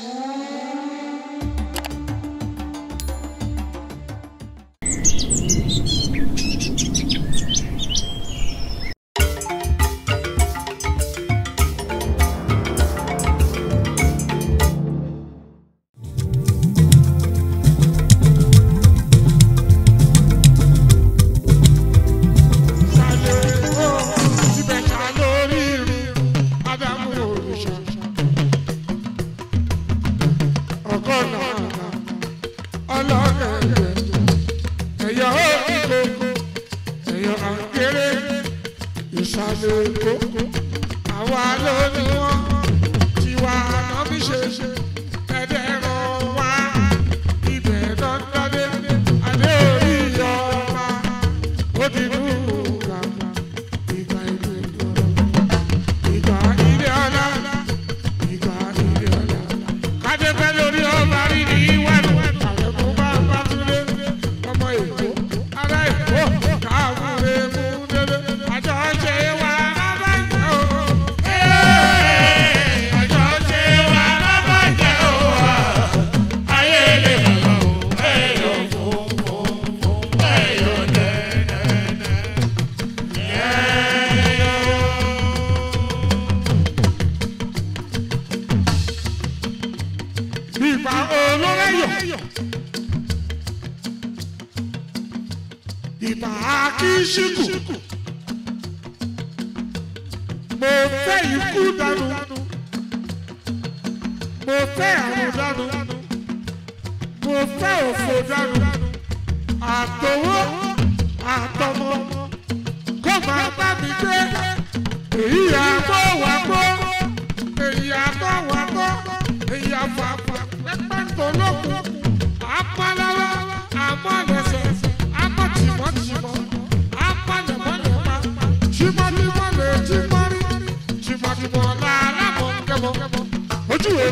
Mm-hmm.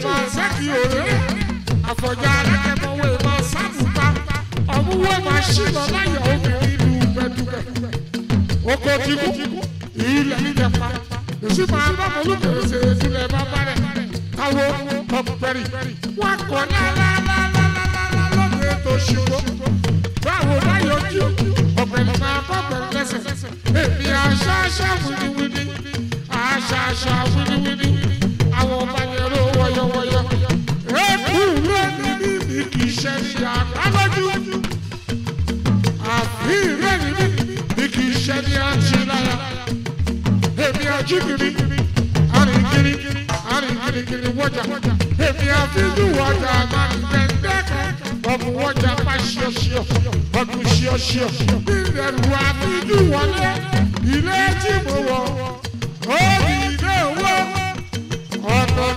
máa ṣẹ́kì òré àfọ̀jà alákẹ́mọ̀wé máa sábùpá ọ̀múwé máa ṣìlọ láyọ̀ obìnrin ìlú gbẹdúgbẹ. oko kíkú ilẹ̀ ìjẹpa èsì máa bá mọ̀lúkèrè ṣe ìdílé bàbá rẹ̀ káwó pọ̀pẹ́rì wọn kọ̀ lálálálálá lóde tó ṣubú báwo láyọ̀ jù ọ̀pẹ̀lẹ̀ máa kọ́ pẹ̀lú lẹ́sẹ̀ èmi àṣà àṣà wíníwíní àṣà àwọn ọba yẹn ló wọ́yọ́wọ́yọ́. Eku lẹ́ni níbi kì í ṣe ní àpámọ́jú. Àfi lẹ́ni níbi kì í ṣe ní àṣelára. Èmi àjíkiri, àrìnkiri, àrìnkirikiri wọ́jà. Èmi àfijù wọ́jà máa ń gbẹ̀ndẹ́kọ̀. Ọ̀gùn wọ́jà má ṣíọṣíọ, ọ̀gùn ṣíọṣíọ. Bí ìrẹ̀lú àfijù wọlé, ilé tí mo wọ̀, ó yí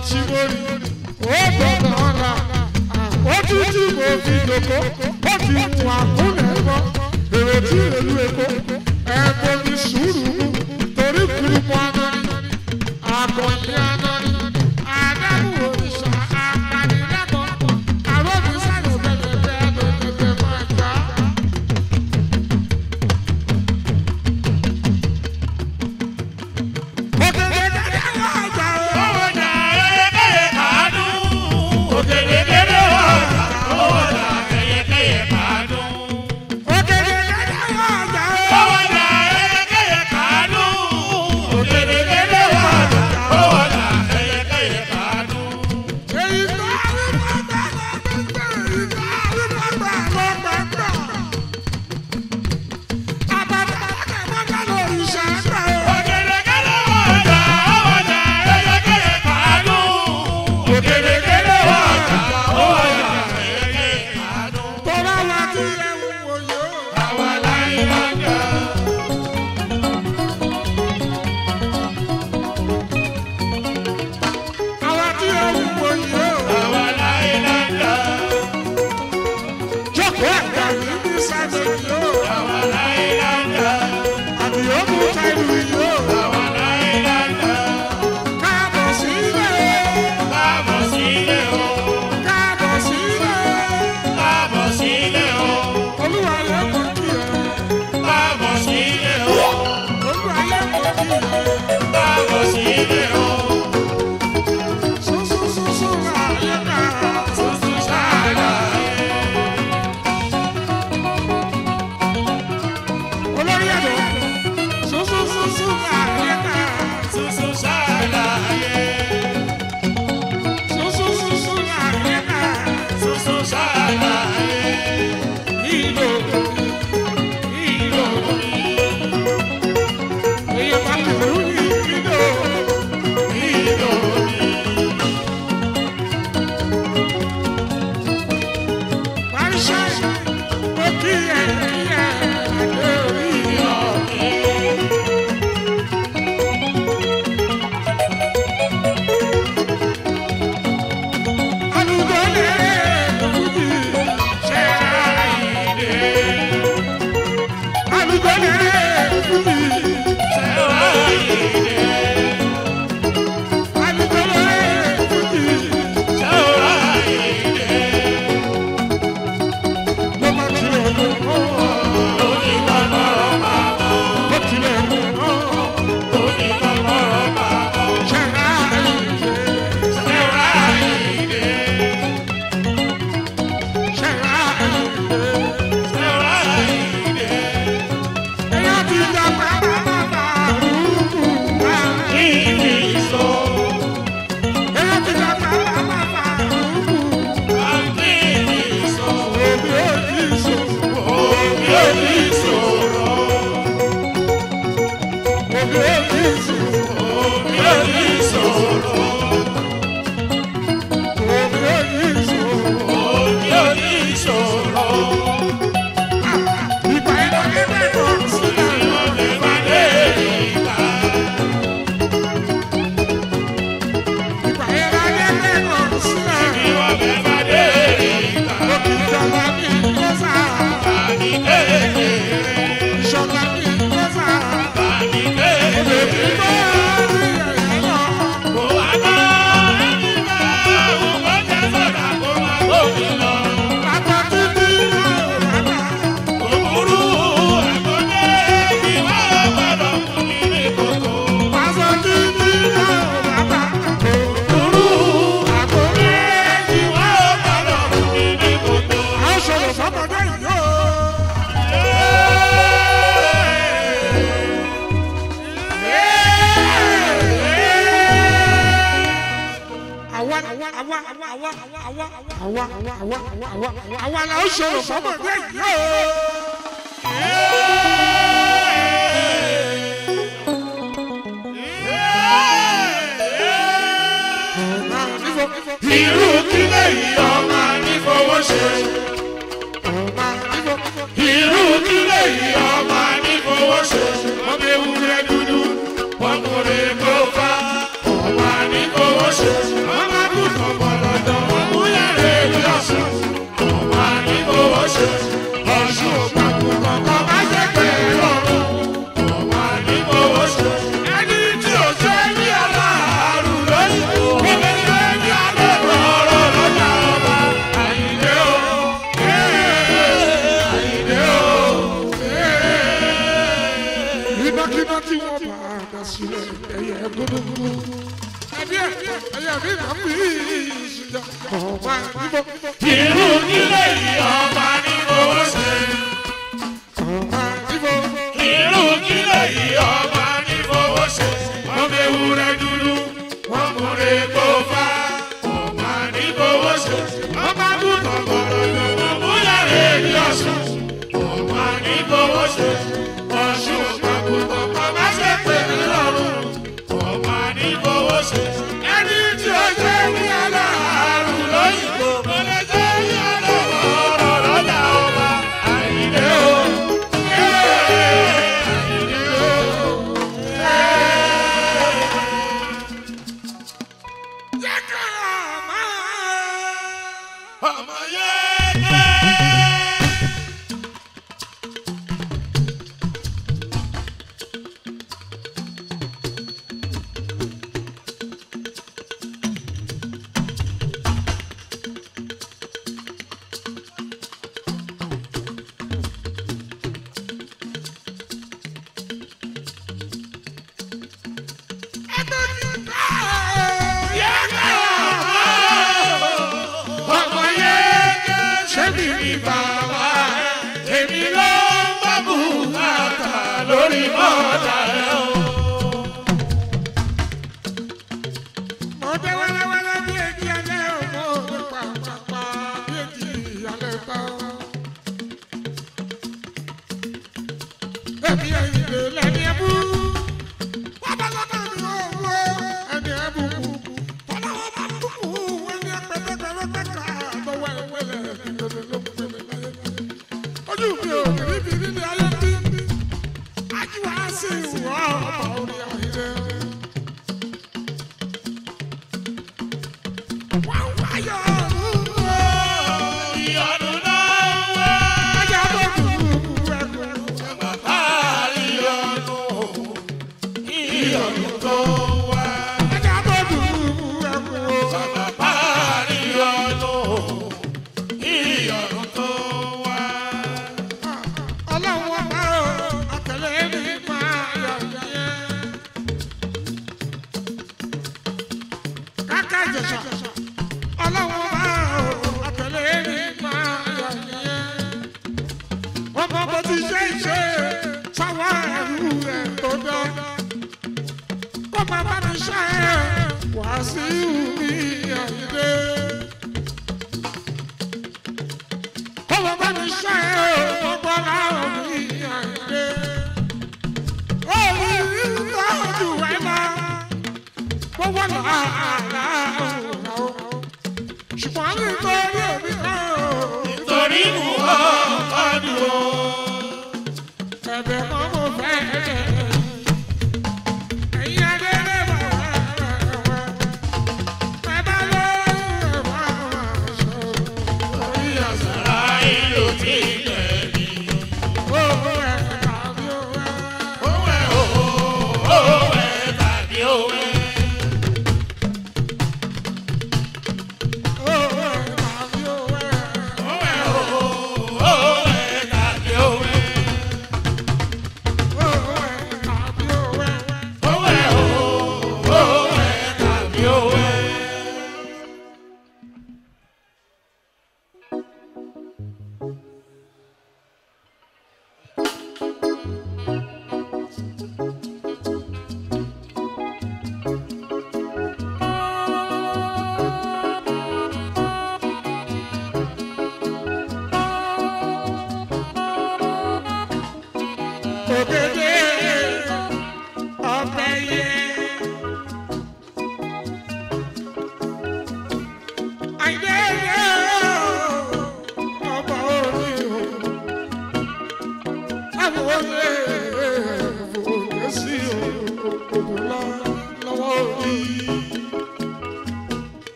àṣìwòrì ó gbọ́dọ̀ ra ojú tí mo fi dòkó ó fi mú àkúnlẹ̀ mọ́ bèrè tí èlú èkó ẹ̀kọ́ mi sùúrù mú torí kúrú mọ́ aná ni àkànní aná. Thank you.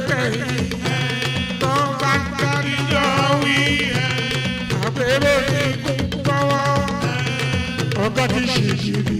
Thank you.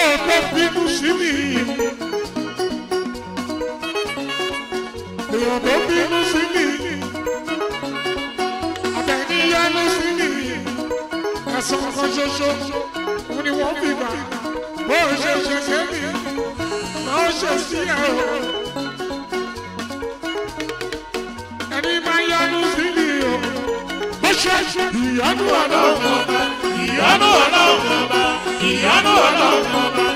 pé o tó bínú sí mi. Èèyàn tó bínú sí mi. Àtẹ̀níyánú sí mi. Ẹ̀sán kan ṣoṣo òun ni wọ́n fi gbà. Bó o ṣe ṣe sẹ́mi, máa ń ṣe sí ẹ̀ o. Ẹni máa yánú sí mi o. Bó ṣe ìyanu ọlọ́run ọba, ìyanu ọlọ́run ọba ìyanu ọlọ́run ọba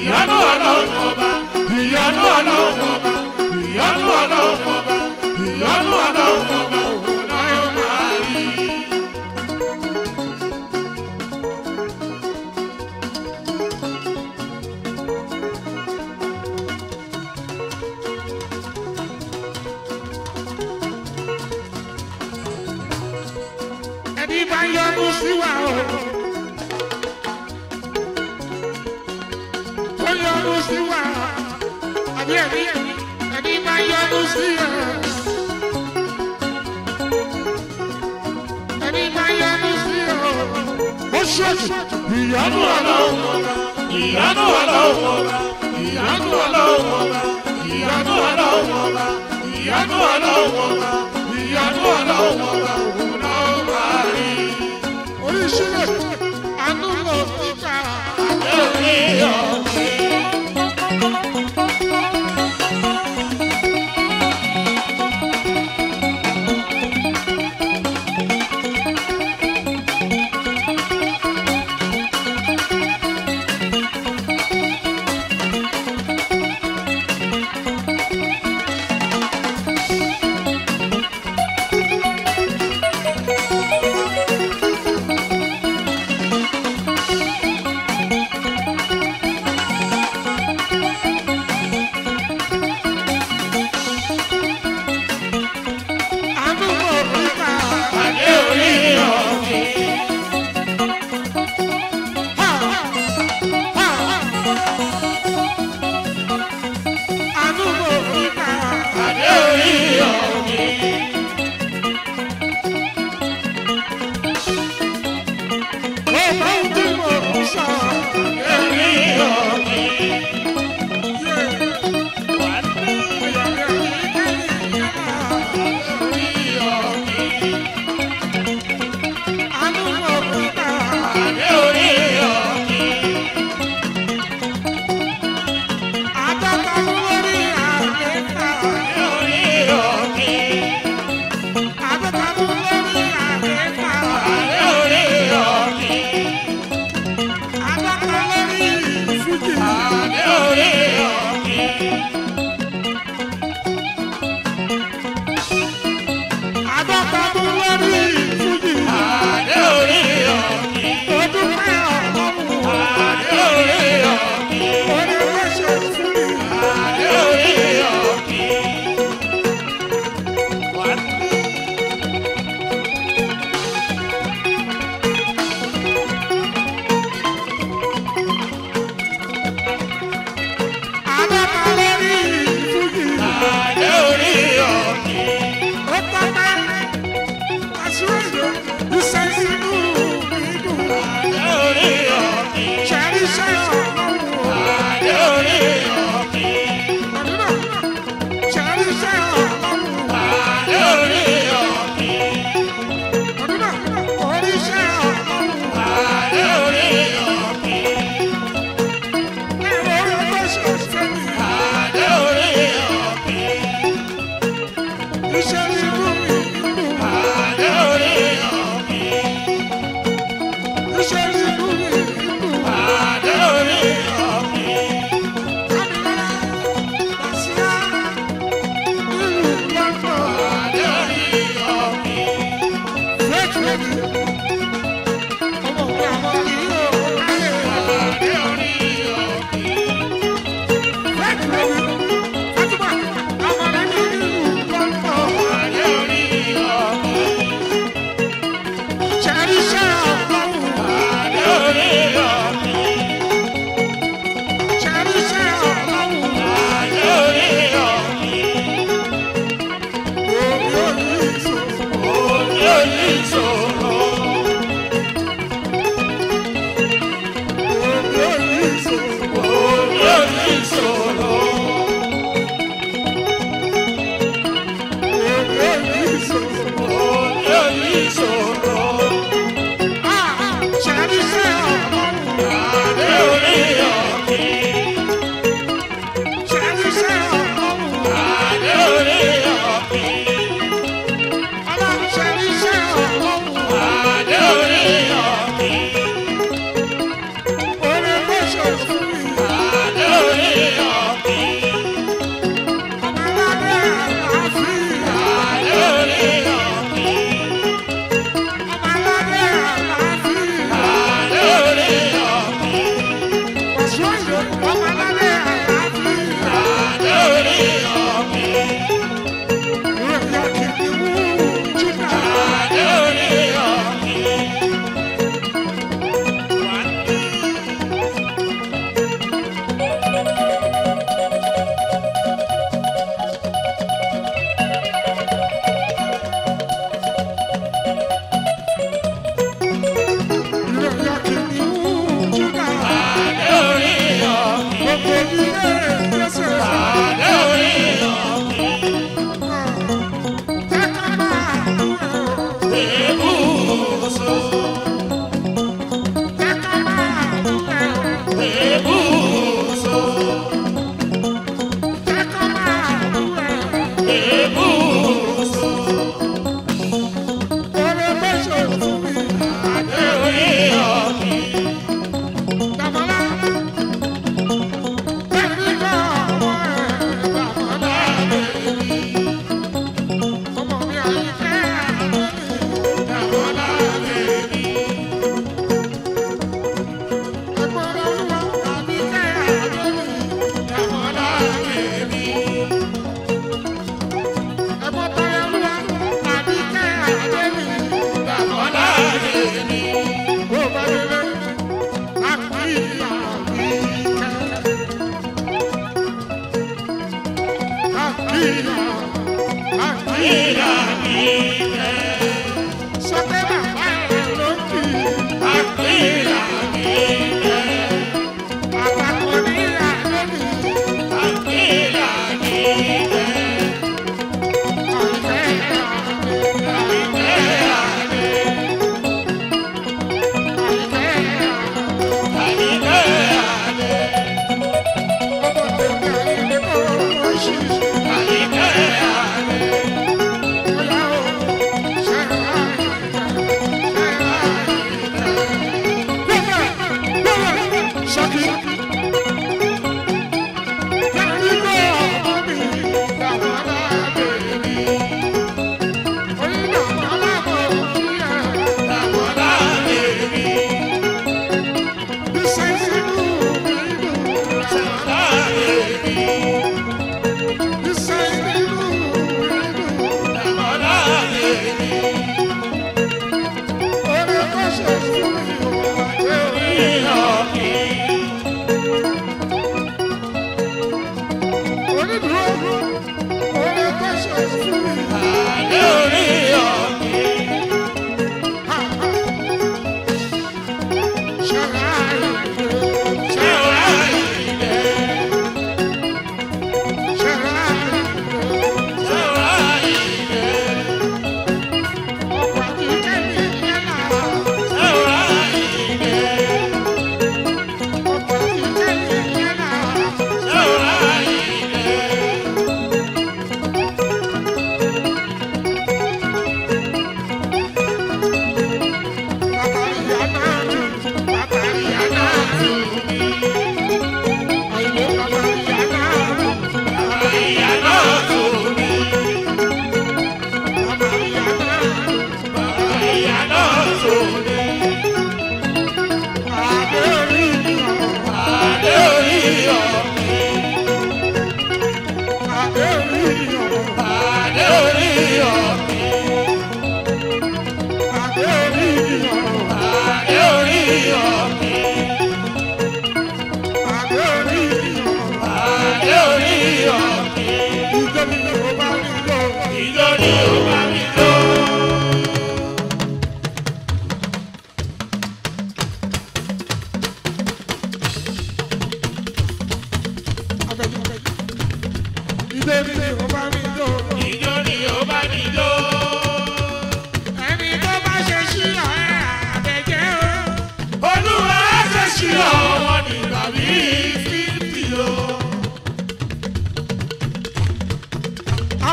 ìyanu ọlọ́run ọba ìyanu ọlọ́run ọba ìyanu ọlọ́run ọba ìyanu ọlọ́run ọba. ṣọ́ọ̀ṣì ìyanu aláwọ̀ ọ̀la ìyanu aláwọ̀ ọ̀la ìyanu aláwọ̀ ọ̀la ìyanu aláwọ̀ ọ̀la ìyanu aláwọ̀ ọ̀la ìyanu aláwọ̀ ọ̀la òun náà bá rí. oríṣiríṣi àánú lọ sí ká. àbẹ̀wò yìí yọ. Thank you.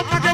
হাত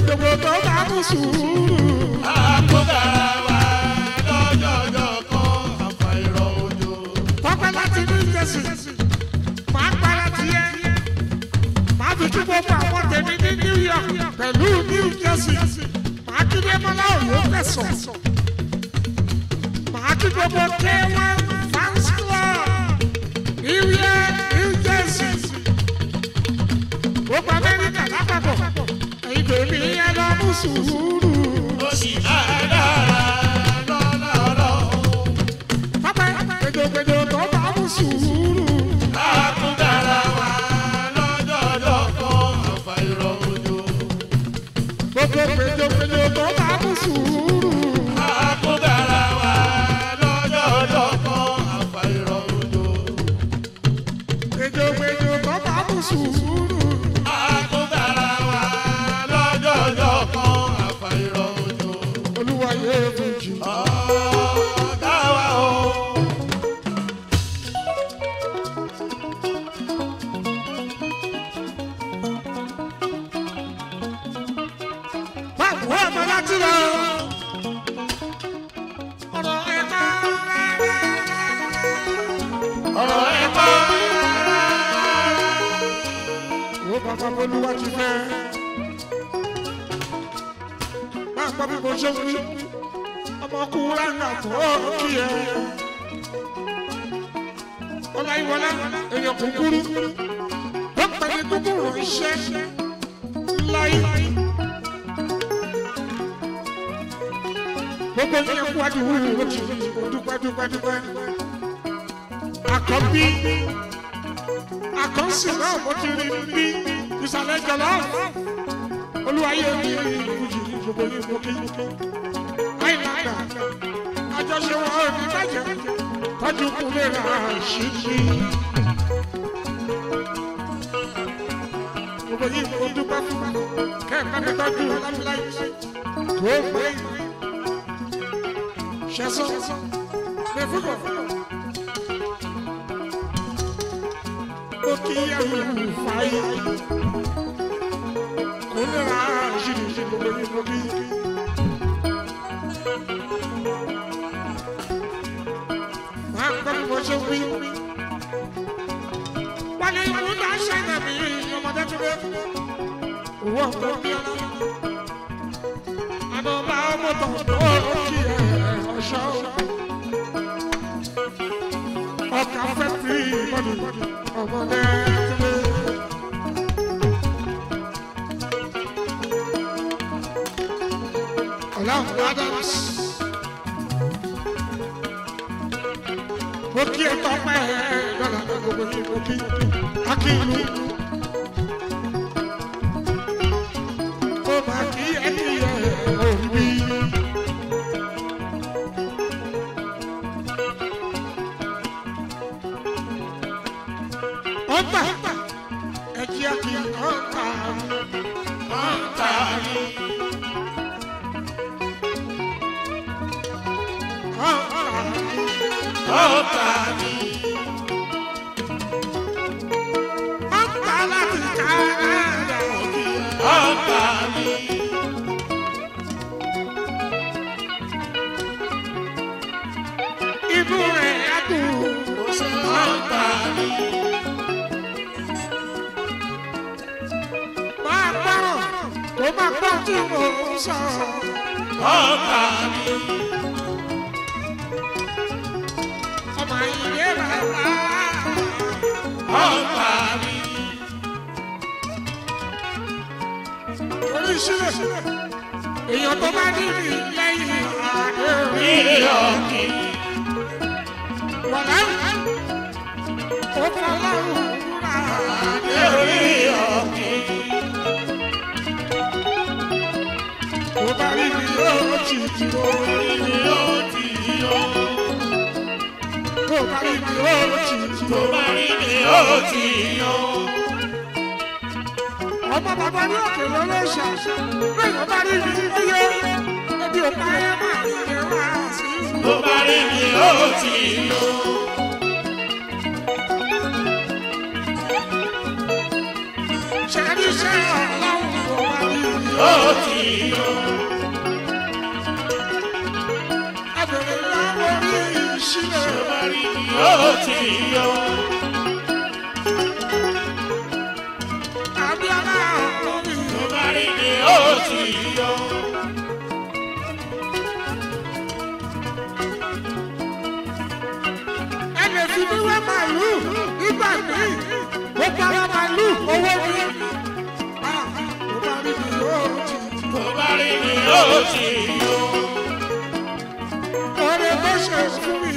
gbogbo tó bá kú sùúrù. àkókàrà wa lọ́jọ́jọ́ kan àfàìrọ̀ òjò. pápá láti ní jésù máa para tiẹ̀ máa fi kí gbogbo àwọn tèmi ní New York pẹ̀lú New Jersey máa kí lẹ́mọ́lá òwò fẹ̀sọ̀ máa kí gbogbo kẹ́wọ́n fans club New York New Jersey gbogbo Amẹ́ríkà lápapọ̀ tèmi ẹ lọ mú sùúrù. ó sì máa dára. jọ ṣe wọ́n òbí bàjẹ́ tọ́jú kúlé rà ṣíṣí. gbogbo yìí mo dúpẹ́ fún mi kẹ́ẹ̀kan mi tọ́jú lámúláyé tó gbé ṣẹ́sọ́ lè fúnbọ̀. ó kí ẹ̀rù fàáyé kúlé rà ṣíṣí gbogbo yìí mo bí. ṣe wí. wọ́n ní ìlú náà ṣe nàbí ọmọdé tó dé. owó ọ̀tọ̀ bí ọ̀la. àná bá ọmọ tọ̀dọ̀ òkè ọ̀ṣọ́. ọkà fẹ́ fi ìmọ̀lù ọmọdé tó dé. Love others. mo kí ẹ tọ́pẹ́ ẹ lọ́la sàn ọkà mi. ọmọ ìyè bàbá ọkà mi. oríṣiríṣi èèyàn tó bá ní mi lẹ́yìn ọ̀rọ̀ nílò kí. wàlá ó fọlọ́run. títí ó ibi ó ti yọ. Tó bá rí ibi ó títí tó bá rí ibi ó ti yọ. Ọmọ bàbá ní òkè lọ́lọ́ ṣàṣà bí wọ́n bá rí ibi ó yọ. Ẹbí ò bá yẹ máa rí ibi wá sí. Tó bá rí ibi ó ti yọ. Ṣé ní sẹ́yìn ọlọ́run ló bá rí ibi ó ti yọ? ṣìnà yóò ti yọ. Abíọ́lá ọ̀hún mi ló bá rí ni yóò ti yọ. Ẹnì fi mí wá màálù nígbà míì, mo para màálù owó mi. Mo bá rí ni yóò ti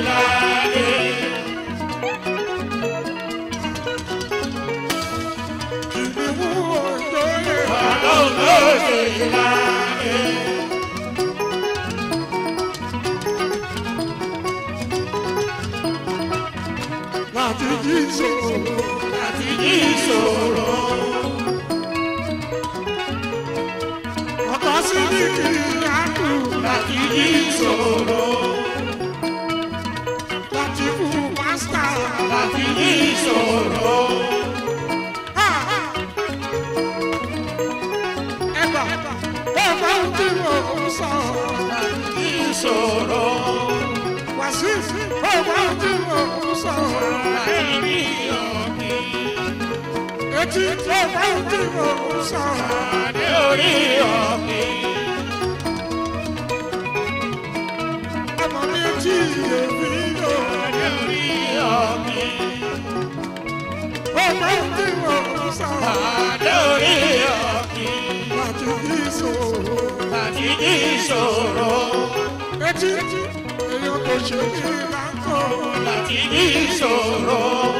láti jí ìṣòro láti jí ìṣòro. ọkọ sí ní kí á kú láti jí ìṣòro. tí ọba tí mo sàn ní orí mi tí èmi lò ní orí ọ̀mí. ọba tí mo sàn ní orí ìṣòro. àti kò ṣe ní ìlànà. àti ìṣòro.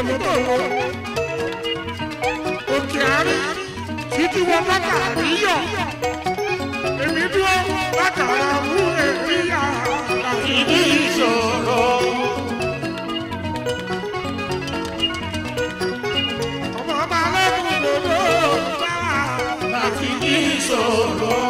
tòmótòmó òkè àárí títí wọ bàtà àríyọ èmi dúró bàtà ara mú èmi àrà ìdí ìṣòro. ọmọ ọba lẹ́kùn gbogbo bá àti ìṣòro.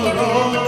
Oh.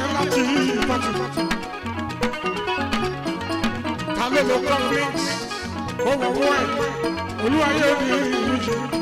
ẹ̀ láti ìpàtù. ta ló lo conflict kó wọ́n wọ́ ẹ̀ olúwa yóò di ìrújú.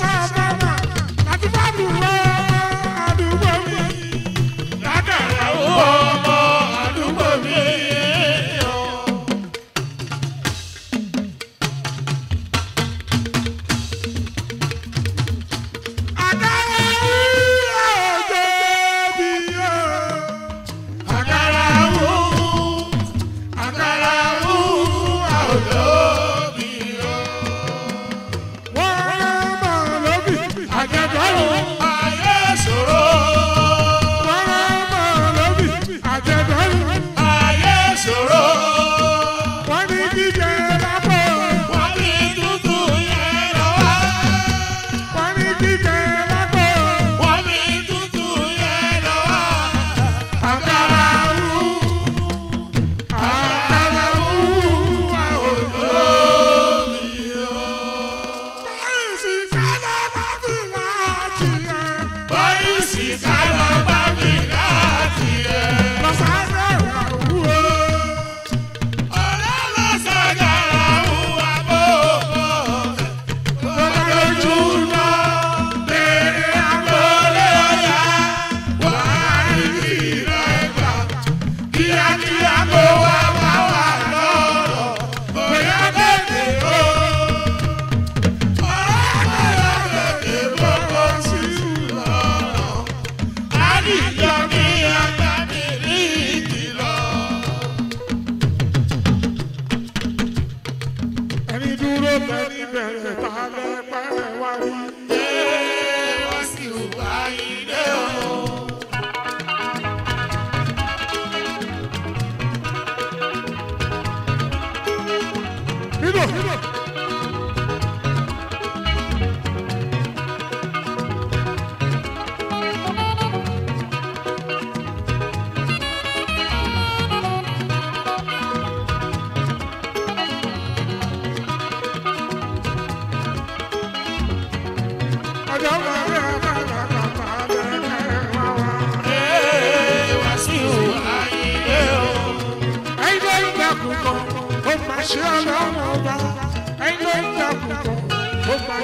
Shabbat.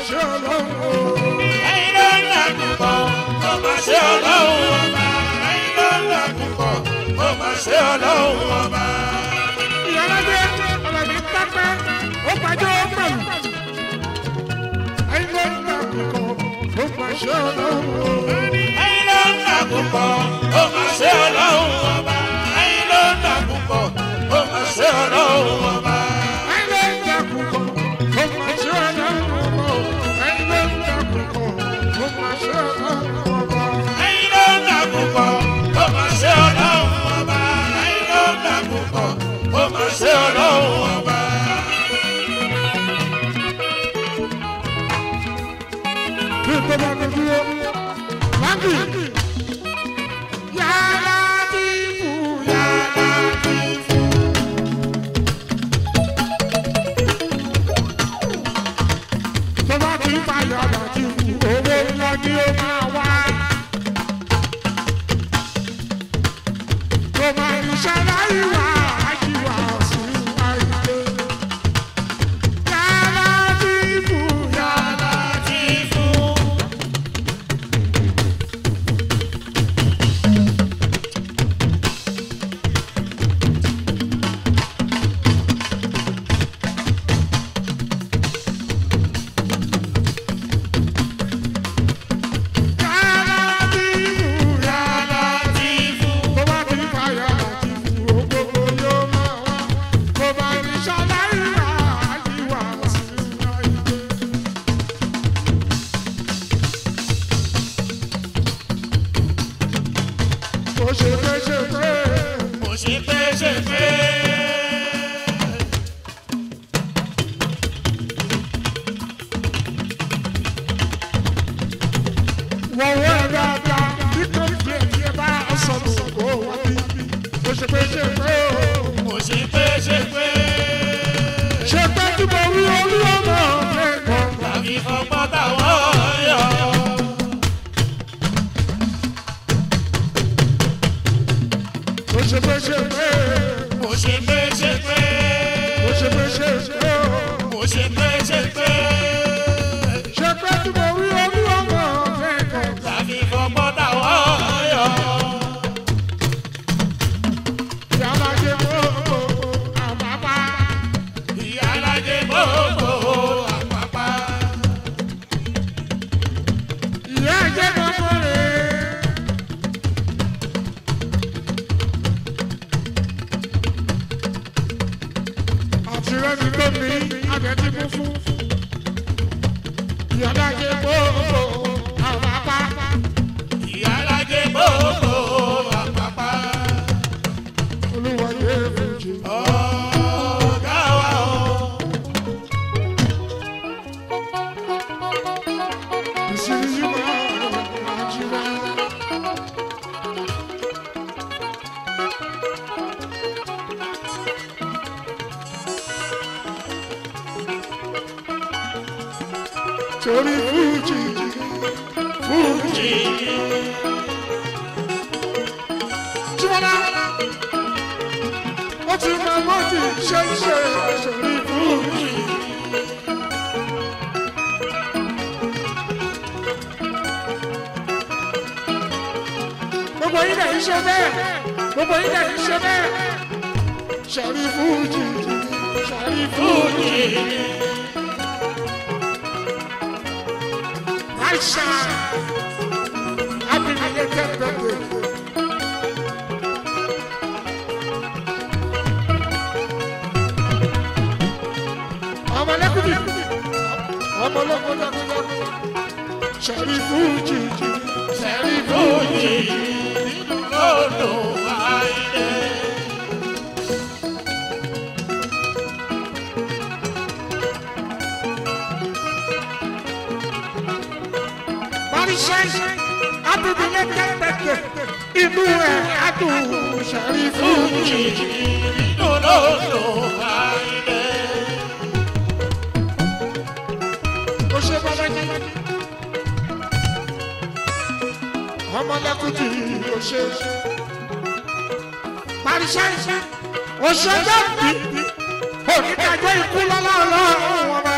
ṣe ọlọ́run o. ẹ̀yin ló ń làkùn bọ̀ kó má ṣe ọlọ́run ọba. ẹ̀yin ló ń làkùn bọ̀ kó má ṣe ọlọ́run ọba. ìyálàjẹ ọ̀rọ̀ mi pápẹ́ ó pàjọ́ pẹ̀lú. ẹ̀yin ló ń làkùn bọ̀ kó má ṣe ọlọ́run o. ẹ̀yin ló ń làkùn bọ̀ kó má ṣe ọlọ́run ọba. ẹ̀yin ló ń làkùn bọ̀ kó má ṣe ọlọ́run ọba. gbogbo yín dẹ̀ ń ṣe bẹ́ẹ̀ gbogbo yín dẹ̀ ń ṣe bẹ́ẹ̀. sọ̀rí fújì sọ̀rí fújì. aisha abiriyẹ kẹgbẹgbẹ. ọmọlẹ́kùnrin ọmọlẹ́kùnrin ọmọlẹ́kùnrin inú ẹ̀ adùn ṣẹ̀rí fún mi lọ́lọ́lọ́ àìlẹ́. ó ṣe bọ́lá jẹ́ ọmọlẹ́kùn jì í ṣe paríṣẹ́ òṣèjọ́ bí onídàájọ́ ikú lọ́lá ọlọ́run wọn bá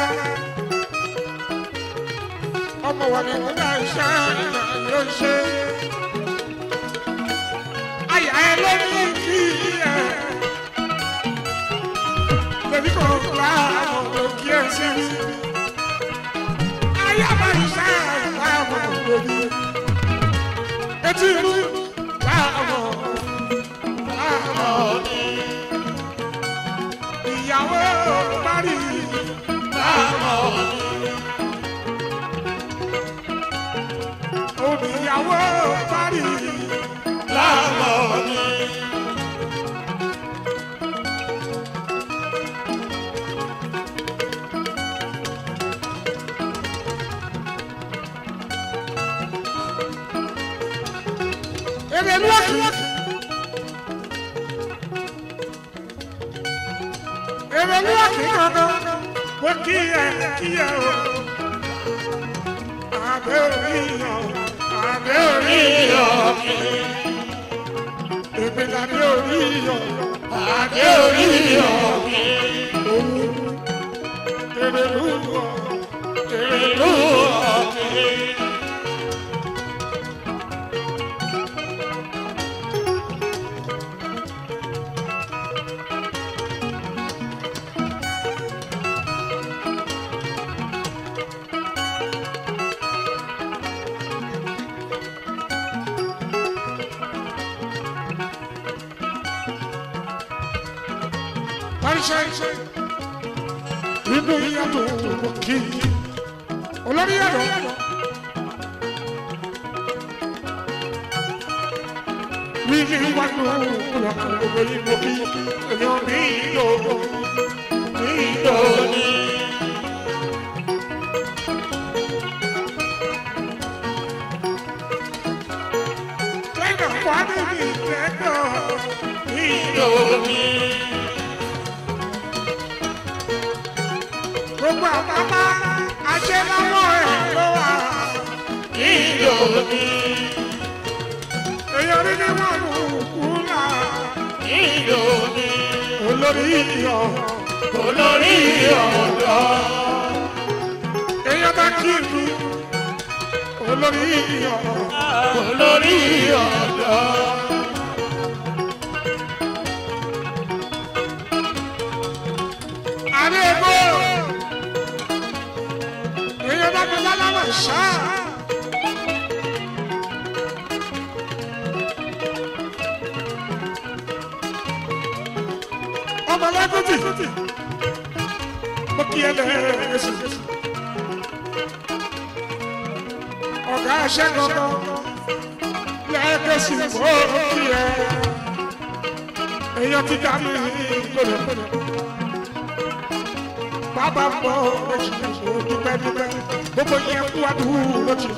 ọmọ wọn ni wọn náà ṣe yóò ṣe àyà ẹ ló ní kí ẹ tèmi kò fà òkè ẹsẹ àyà paríṣẹ́ àwọn ọmọ òbí etí ìlú láàmú láàmú ni ìyàwó parí láàmú ni. èdè mi wá kí. èdè mi wá kí kankan mo kí ẹ kí ẹ o. àbẹ oríyàn àbẹ oríyàn èmi làbẹ oríyàn àbẹ oríyàn òun tèrè lù ọ tèrè lù ọ tèrè. dùn kí olórí ẹ̀rọ. wíyí wá dùn kúlọ̀ gbogbo ìbò kí èèyàn mi ìlò mi ìlò ní. Ìlò mi. bàbá àṣẹ lọ́wọ́ ẹ̀ ló wà nílò mi. èèyàn rí ní wọn mú kúrà nílò mi. olórí iyọ̀ olórí ọ̀dọ́. èèyàn bá kí mi olórí iyọ̀ olórí ọ̀dọ́. ṣá. ọmọ lágójì mo kí ẹ lẹ́ẹ̀ẹ́sì ọ̀gá ẹ̀ṣẹ́ gangan lẹ́ẹ̀kẹ́sì mo kí ẹ èèyàn ti dá dúpẹ́ dúpẹ́ gbogbo yẹn kú adúrú lójì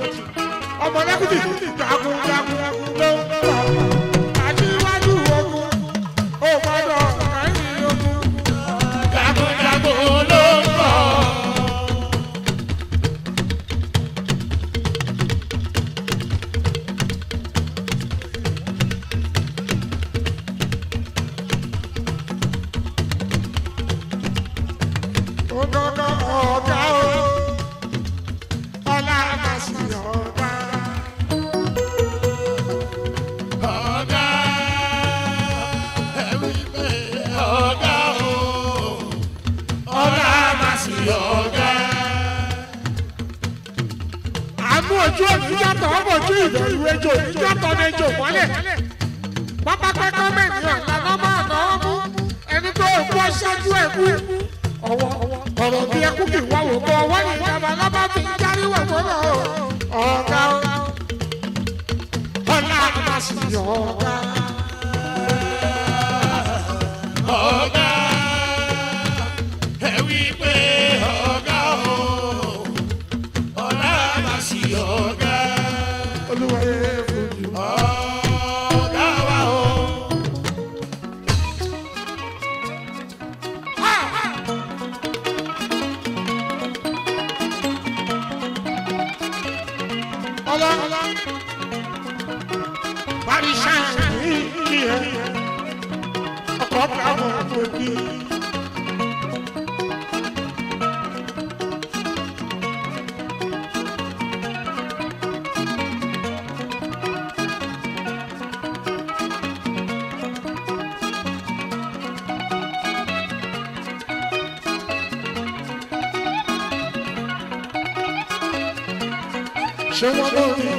ọmọ lẹ́kùtì jagun jagun ló ń pa. àkọ́kọ́ àwọn òbí.